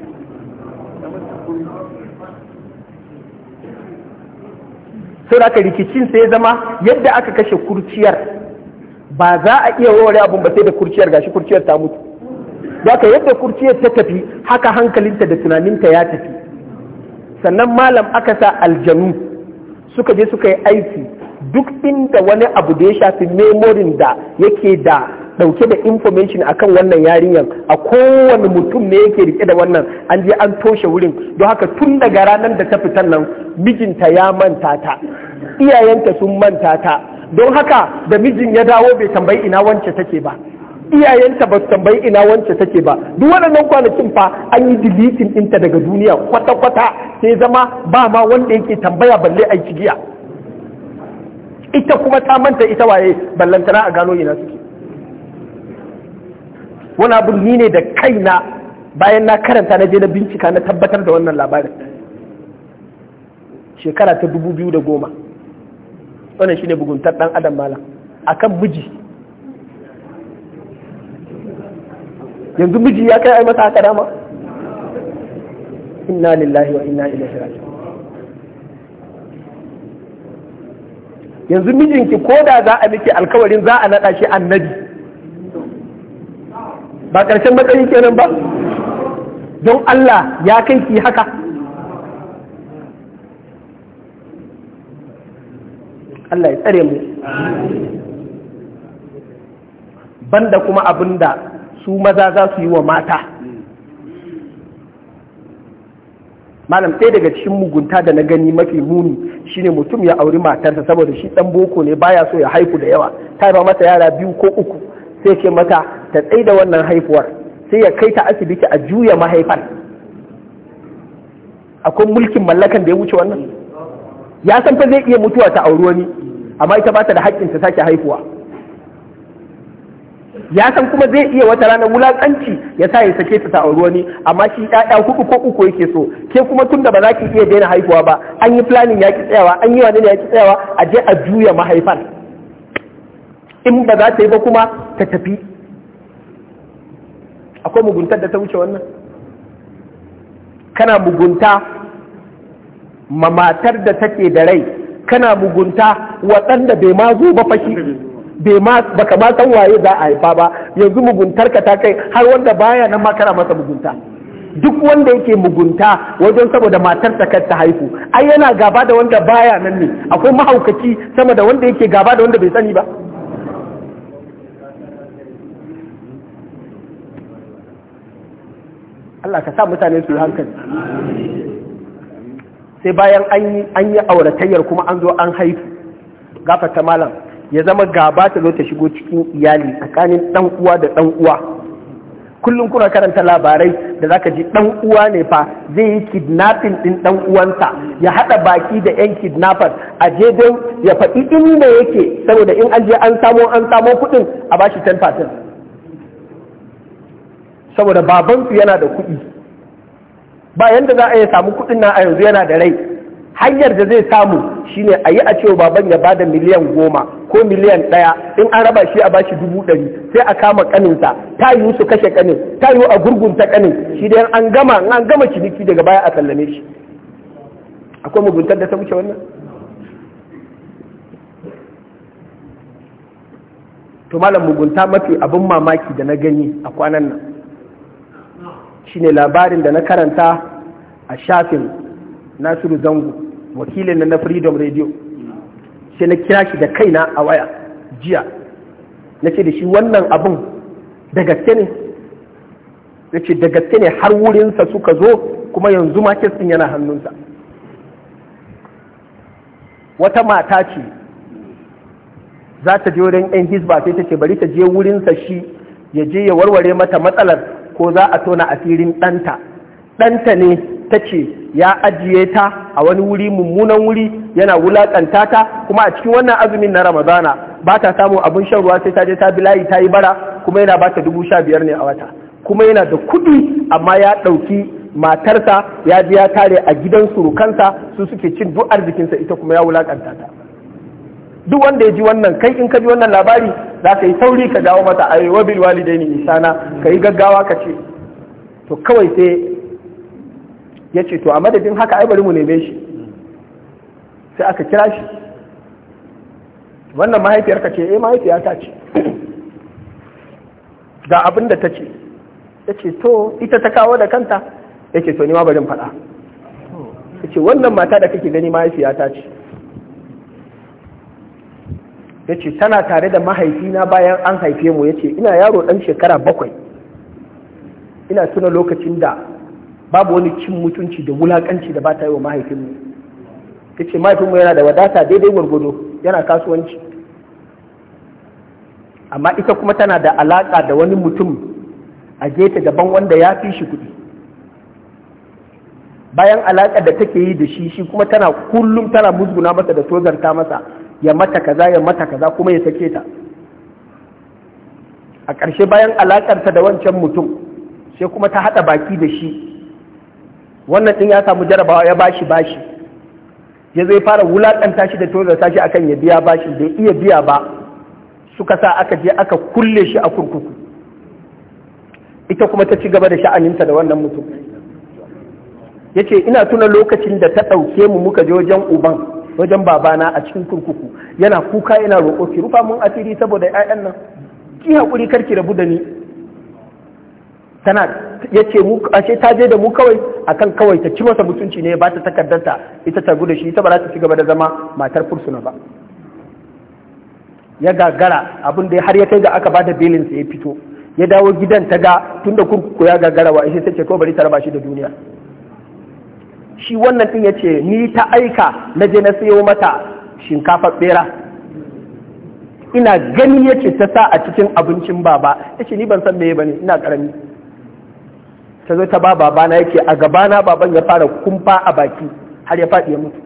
sai aka rikicin sai zama yadda aka kashe kurciyar ba za a iya warware abun ba sai da kurciyar gashi kurciyar ta mutu ka yadda kurciyar ta tafi haka hankalinta da tunaninta ya tafi sannan malam aka sa aljanu suka je suka yi aiki duk inda wani abu da ya shafi memorin da yake da dauke da information akan wannan yarinyar a kowane mutum ne yake rike da wannan an je an toshe wurin don haka tun daga ranar da ta fitan nan mijinta ya manta ta iyayenta sun manta ta don haka da mijin ya dawo bai tambayi ina wance take ba iyayenta ba su tambayi ina wance take ba duk waɗannan kwanakin fa an yi dilitin ɗinta daga duniya kwata-kwata sai zama ba ma wanda yake tambaya balle a giya ita kuma ta manta ita waye ballantana a gano ina suke wani abu ni ne da kaina bayan na karanta na je na bincika na tabbatar da wannan labarin shekara ta dubu biyu da goma wannan shine buguntar dan adam malam akan miji yanzu miji ya kai ai masa haka dama inna lillahi wa inna ilaihi raji'un yanzu mijinki ko da za a miki alkawarin za a naɗa shi annabi ba ƙarshen matsayi kenan ba don Allah ya kai ki haka Allah ya tsare mu banda kuma abinda su maza za su yi wa mata malam ɗaya daga cikin mugunta da na gani mafi muni shine mutum ya auri matarsa saboda shi ɗan boko ne baya so ya haiku da yawa ta ba mata yara biyu ko uku sai ce mata ta tsaye da wannan haifuwar sai ya kai ta asibiti a juya mahaifar akwai mulkin mallakan da ya wuce wannan ya san fa zai iya mutuwa ta auri wani amma ita ba ta da haƙƙin ta sake haihuwa ya san kuma zai iya wata ranar wulakanci ya sa ya sake ta ta auri wani amma shi ɗaya hudu ko uku yake so ke kuma tun da ba za ki iya daina haihuwa ba an yi planning ya ki tsayawa an yi wani ne ya ki tsayawa a je a juya mahaifar in ba za ta yi ba kuma ta tafi akwai muguntar da ta wuce wannan kana mugunta mamatar matar da take da rai kana mugunta waɗanda bai ma zo ba fashi ba baka ma san waye za a haifa ba yanzu muguntar ka ta kai har wanda baya nan ma kana masa mugunta duk wanda yake mugunta wajen saboda matar ta ta haifu ai yana gaba da wanda baya nan ne akwai mahaukaci sama da wanda yake gaba da wanda bai sani ba Allah ka sa mutane su hankali sai bayan an yi auratayyar kuma an zo an haifu gafata malam ya zama gaba ta zo ta shigo cikin iyali tsakanin dan uwa da dan uwa kullum kuna karanta labarai da zaka ji dan uwa ne fa zai yi kidnapping din dan uwansa ya hada baki da yan kidnapper a je dai ya faɗi inda yake saboda in an je an samo an samo kuɗin a bashi 10% saboda babansu yana da kuɗi ba yadda za a yi samu kuɗin na a yanzu yana da rai hanyar da zai samu shine a yi a cewa baban ya bada miliyan goma ko miliyan ɗaya in an raba shi a bashi dubu ɗari sai a kama kaninsa ta yiwu su kashe kanin ta yiwu a gurgunta kanin shi dai an gama an gama ciniki daga baya a sallame shi akwai muguntar da ta wuce wannan to malam mugunta mafi abin mamaki da na gani a kwanan nan shine labarin da na karanta a shafin nasiru zango wakilin na freedom radio sai na kira shi da kaina a waya jiya na ce da shi wannan abin daga ne na ce daga ne har wurinsa suka zo kuma yanzu ma yana hannunsa wata mata ce za ta je wurin 'yan hisba sai ta ce bari ta je wurinsa shi ya je ya warware mata matsalar ko za a tona asirin ɗanta ɗanta ne ta ce ya ajiye ta a wani wuri mummunan wuri yana wulaƙanta ta kuma a cikin wannan azumin na ramadana ba ta samun abin shan ruwa sai ta je ta bilayi ta yi bara kuma yana ba ta dubu sha biyar ne a wata kuma yana da kuɗi amma ya ɗauki matarsa ya biya ya tare a gidan surukansa su suke cin duk arzikinsa ita kuma ya wulaƙanta ta duk wanda ya ji wannan kai in ka ji wannan labari za ka yi sauri ka dawo mata a yi wabil walidaini isana ka yi gaggawa ka ce to kawai sai ya ce to a madadin haka ai bari mu neme shi sai aka kira shi wannan mahaifiyar ka ce eh mahaifiya ta ce ga abin da ta ce ya ce to ita ta kawo da kanta ya ce to ni ma bari faɗa ya ce wannan mata da kake gani mahaifiya ta ce ya ce tana tare da mahaifina bayan an haife mu ya ce ina yaro ɗan shekara bakwai ina tuna lokacin da babu wani cin mutunci da wulaƙanci da ba ta yi wa mahaifinmu ya ce mahaifinmu yana da wadata daidai gwargwado yana kasuwanci amma ita kuma tana da alaƙa da wani mutum a gefe daban wanda ya fi shi kuɗi bayan alaƙa da take yi da shi shi kuma tana kullum tana musguna masa da tozarta masa ya mata kaza ya mata kaza kuma ya sake ta a ƙarshe bayan alaƙarta da wancan mutum sai kuma ta haɗa baki da shi wannan ɗin ya samu jarabawa ya bashi bashi ya zai fara wulaƙanta shi da tozarta shi akan ya biya bashi bai iya biya ba suka sa aka je aka kulle shi a kurkuku ita kuma ta ci gaba da sha'aninta da wannan mutum ya ce ina tuna lokacin da ta ɗauke mu muka je wajen uban wajen babana a cikin kurkuku yana kuka yana roƙo ki rufa mun asiri saboda ƴaƴan nan ki haƙuri karki rabu da ni tana yace mu ashe ta je da mu kawai akan kawai ta ci masa mutunci ne ba ta takardarta ita ta gudu shi ita ba za ta ci gaba da zama matar fursuna ba ya gagara abin da har ya kai ga aka bada belin sa ya fito ya dawo gidan ta ga tunda kurkuku ya gagara wa ishe sai ce ko bari ta raba shi da duniya shi wannan ɗin ya ce ni ta aika na je na sayo mata shinkafa ɓera ina gani ya ce ta sa a cikin abincin baba ya ce ni ban san meye ba ne ina ƙarami ta zo ta ba babana na yake a gabana baban ya fara kumfa a baki har ya faɗi ya mutu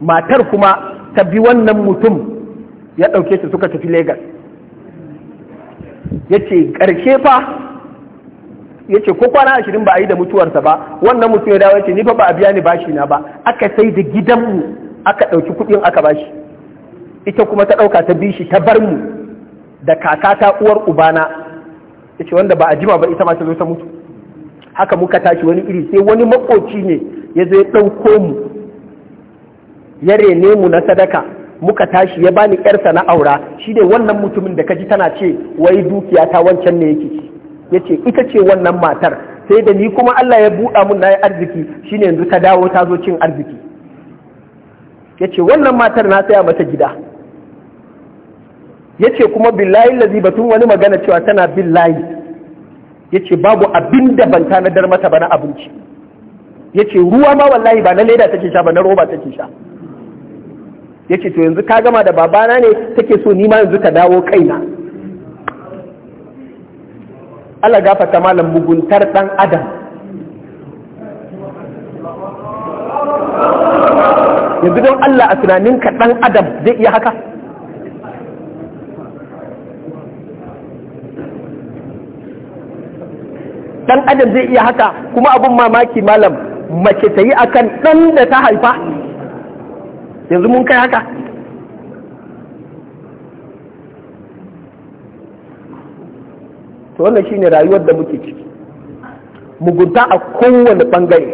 matar kuma ta bi wannan mutum ya ɗauke su suka tafi Legas. ya ce ƙarshe fa ya ce ko kwana ashirin ba a yi da mutuwarsa ba wannan mutum ya dawo ya ce ni fa ba a biya ni bashi na ba aka sai da gidanmu aka ɗauki kuɗin aka bashi ita kuma ta ɗauka ta bishi ta bar mu da kaka ta uwar ubana ya ce wanda ba a jima ba ita ma ta zo ta mutu haka muka tashi wani iri sai wani makoci ne ya zo ɗauko mu ya rene mu na sadaka muka tashi ya bani yarsa na aura shi ne wannan mutumin da ka ji tana ce wai dukiya ta wancan ne yake ci ya ce ita ce wannan matar sai da ni kuma Allah ya buɗa mun na yi arziki shine yanzu ta dawo ta zo cin arziki ya ce wannan matar na saya mata gida ya ce kuma billahi lazi batun wani magana cewa tana billahi ya ce babu abin da ban tanadar mata ba na abinci ya ce ruwa ma wallahi ba na leda take sha ba na roba take sha ya ce to yanzu ka gama da babana ne take so ni ma yanzu ta dawo kaina Allah fata malam muguntar dan adam yanzu don Allah a tunaninka dan adam zai iya haka dan adam zai iya haka kuma abin mamaki malam mace ta yi akan dan da ta haifa yanzu mun kai haka to wannan shine rayuwar da muke ciki mugunta a kowane bangare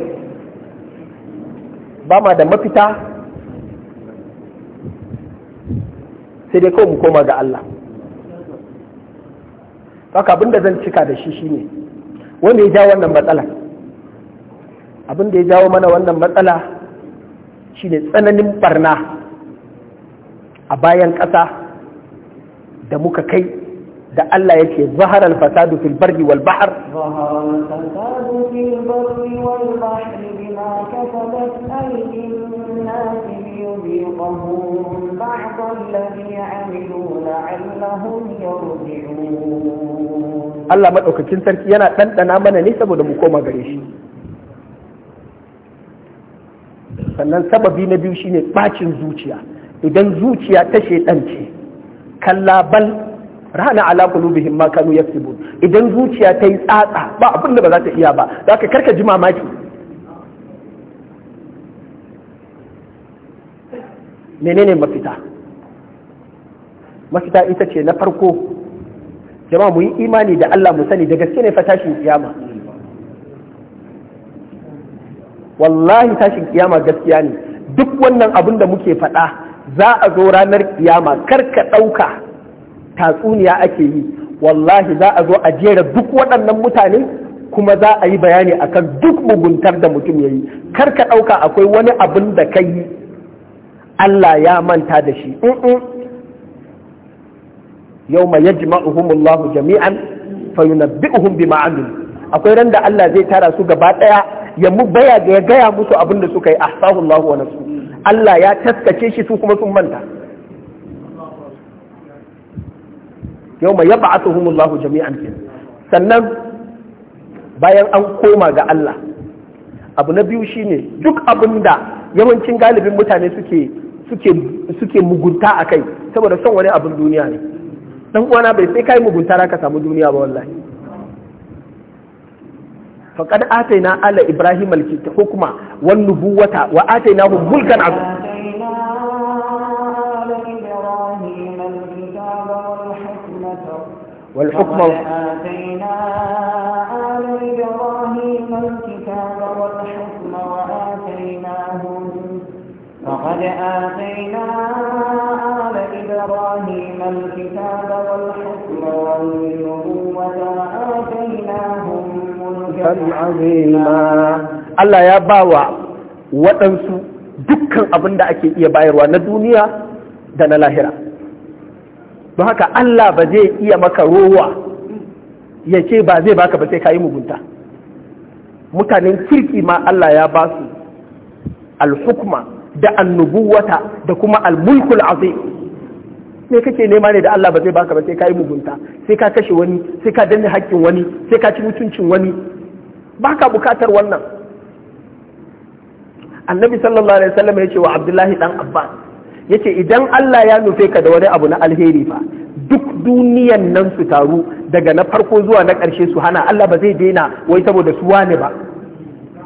ba ma da mafita sai dai kawai mu koma ga Allah haka abin da zan cika da shi shine wanda ya jawo wannan matsala abin ya jawo mana wannan matsala shine tsananin barna a bayan ƙasa da muka kai da Allah yake zahara al-fasadu fil barri wal bahr Allah maɗaukakin sarki yana ɗanɗana mana ne saboda mu koma gare shi sannan sababi na biyu shine ɓacin zuciya idan zuciya ta ce, kalla bal rahana ala qulubihim ma kanu yaksubun idan zuciya ta yi tsatsa ba abin da ba za ta iya ba zaka karka ji mamaki menene mafita mafita ita ce na farko jama'a mu yi imani da Allah mu sani da gaske ne fa tashin kiyama wallahi tashin kiyama gaskiya ne duk wannan abin da muke faɗa za a zo ranar kiyama kar ka ɗauka tatsuniya ake yi wallahi za a zo a jera duk waɗannan mutane kuma za a yi bayani akan duk muguntar da mutum ya yi kar ka ɗauka akwai wani abin da ka yi Allah ya manta da shi yau ma yajma'uhumullahu jami'an fayunabbi'uhum bima amilu akwai ran da Allah zai tara su gaba ɗaya ya mu baya ya gaya musu abin da suka yi ahsahullahu wa nasu Allah ya taskace shi su kuma sun manta yau mai yaba Allahu jami'an ke sannan bayan an koma ga Allah abu na biyu shine duk abin da yawancin galibin mutane suke mugunta a kai saboda son wani abin duniya ne dan uwana bai sai kai mugunta ka samu duniya ba wallahi faqad ataina ala ibrahim ko hukma wan nubuwata wa atainahu mulkan azim والحكم آتينا آل إبراهيم الكتاب والحكم وآتيناهم وقد آتينا آل إبراهيم الكتاب والحكم والنبوة وآتيناهم ملكا عظيما الله يا باوع waɗansu dukkan abin da ake iya bayarwa na duniya da na lahira don haka Allah ba zai iya maka rowa ya ce ba zai baka ba sai ka yi mugunta mutanen kirki ma Allah ya ba su alhukma da annubuwata da kuma almulkul azim me kake nema ne da Allah ba zai baka ba sai ka yi mugunta sai ka kashe wani sai ka danne hakkin wani sai ka ci mutuncin wani baka bukatar wannan annabi sallallahu alaihi wasallam ya ce wa abdullahi dan abbas yace idan Allah ya nufe ka da wani abu na alheri fa duk duniyan nan su taru daga na farko zuwa na ƙarshe su hana Allah ba zai daina wai saboda su wane ba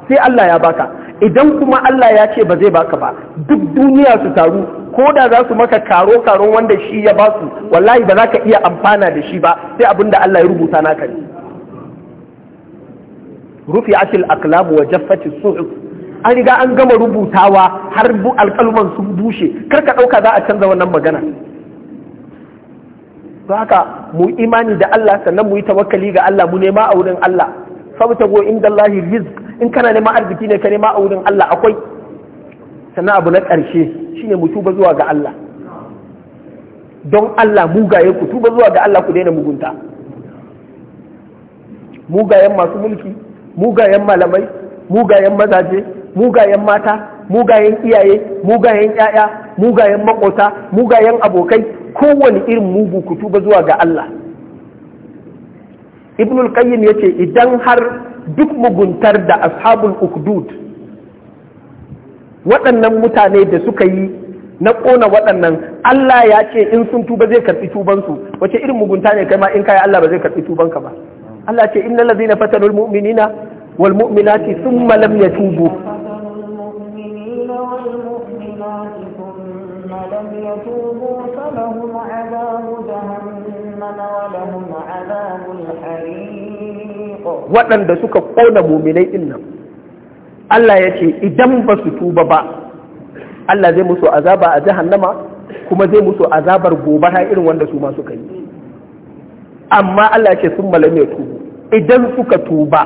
sai Allah ya baka idan kuma Allah ya ce ba zai baka ba duk duniya su taru ko da za su maka karo karo wanda shi ya ba su wallahi ba za ka iya amfana da shi ba sai abin da Allah ya rubuta naka ne rufi atil aqlam wa jaffati suhuf an riga an gama rubutawa har alƙalman sun bushe kar ka ɗauka za a canza wannan magana ba haka mu imani da Allah sannan mu yi tawakkali ga Allah mu nema a wurin Allah sabuta go inda Allah rizq in kana nema arziki ne ka nema a wurin Allah akwai sannan abu na ƙarshe shine mu tuba zuwa ga Allah don Allah mugaye ku tuba zuwa ga Allah ku daina mugunta mugayen masu mulki mugayen malamai mugayen mazaje mugayen mata mugayen iyaye mugayen 'ya'ya, mugayen makota mugayen abokai kowane irin mugu ku tuba zuwa ga Allah ibnul qayyim ce idan har duk muguntar da ashabul ukudud waɗannan mutane da suka yi na ƙona waɗannan Allah ya ce in sun tuba zai karɓi tubansu wace irin mugunta ne kai ma in kai Allah ba zai karɓi tubanka ba Allah ce innal ladzina fatanul mu'minina wal mu'minati thumma lam yatubu waɗanda suka ƙona muminai ɗin nan Allah ya ce idan ba su tuba ba Allah zai musu azaba a jahannama kuma zai musu azabar gobara irin wanda su ma suka yi amma Allah ce sun ya tubu idan suka tuba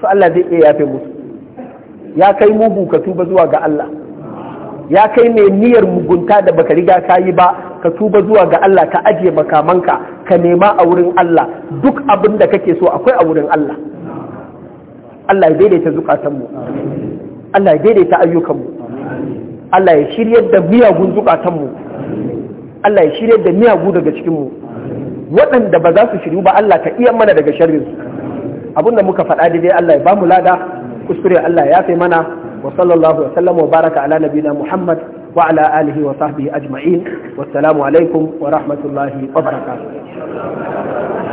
to Allah zai iya yafe musu ya kai mugu ka tuba zuwa ga Allah ya kai mai niyyar mugunta da baka riga ka yi ba ka tuba zuwa ga Allah ka ajiye makamanka ka nema a wurin Allah duk abin da kake so akwai a wurin Allah Allah ya daidaita zukatanmu Allah ya daidaita ayyukanmu Allah ya shiryar da miyagun zukatanmu Allah ya shiryar da miyagu daga cikinmu waɗanda ba za su shiryu ba Allah ka iya mana daga sharrinsu abin da muka faɗa daidai Allah ya ba mu lada kuskure Allah ya fi mana wa sallallahu wa sallam wa baraka ala nabina Muhammad وعلى آله وصحبه أجمعين والسلام عليكم ورحمة الله وبركاته